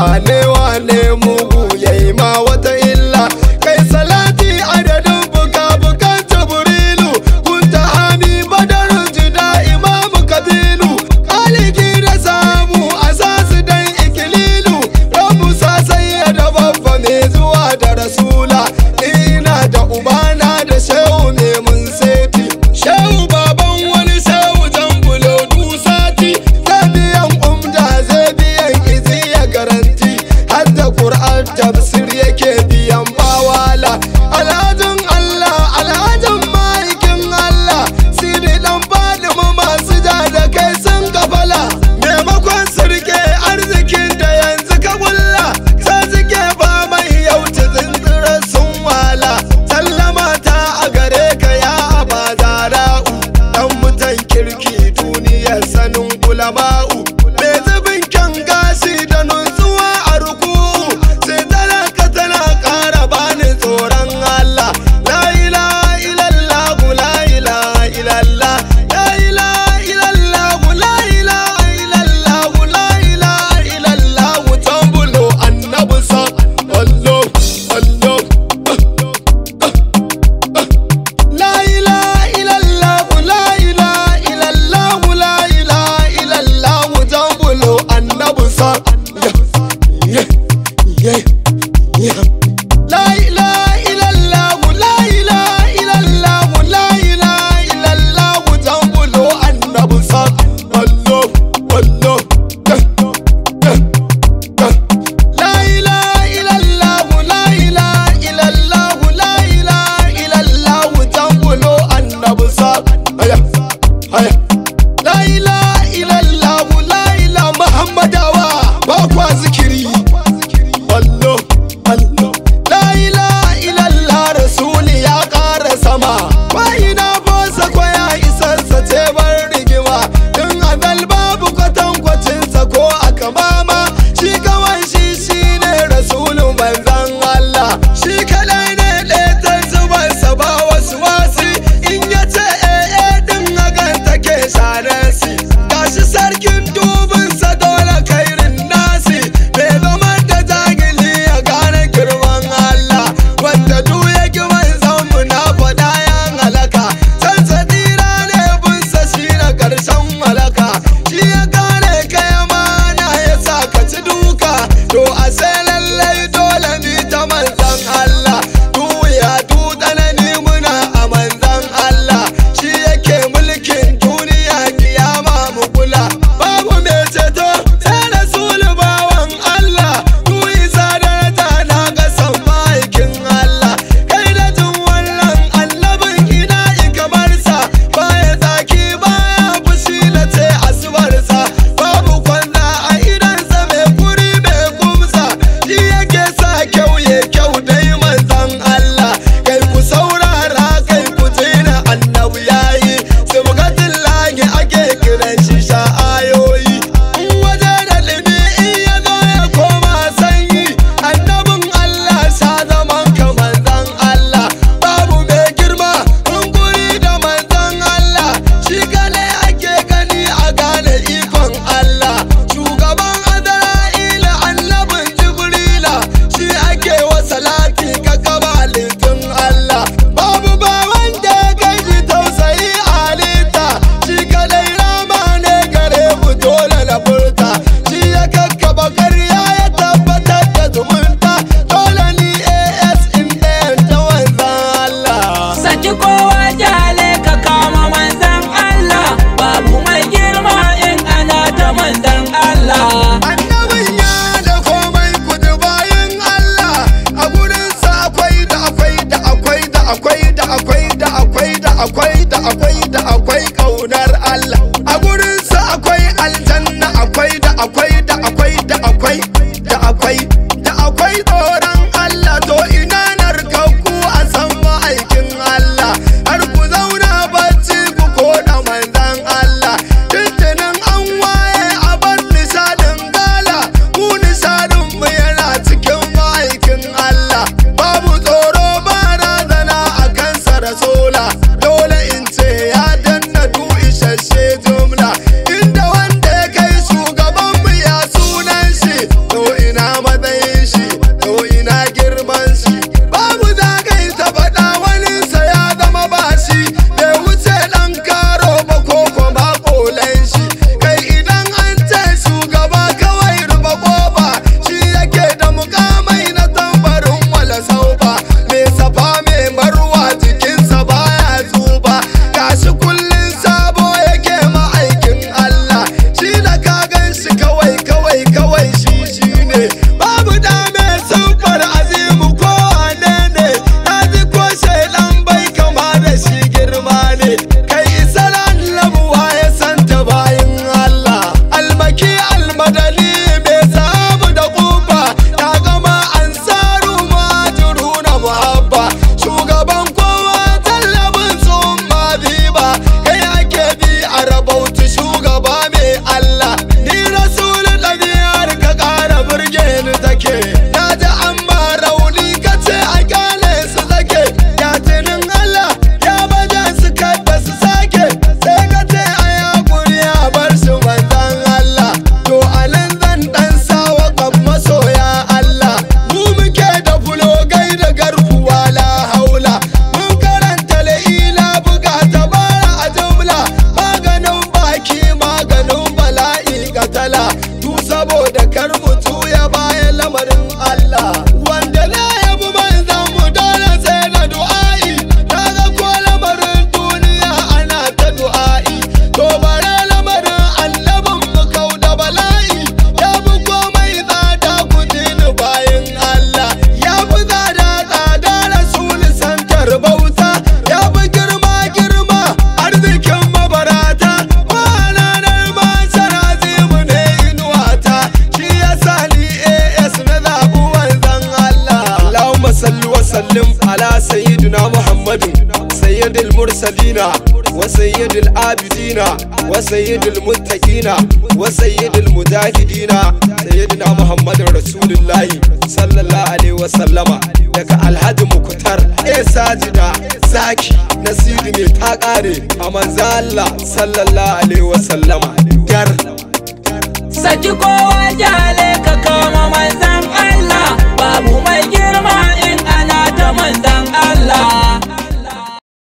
I Sunday. جاب سر يكيد sayyidil mursalina wa sayyidil abidina wa sayyidil muttaqina wa sayyidil mujahidina sayyidina muhammadin rasulullahi sallallahu alaihi wa sallama daga alhaji mukutar e eh, sajida zaki nasiri ne ta kare a manzo Allah sallallahu alaihi wa sallama dar saki kowa jale ka kama manzo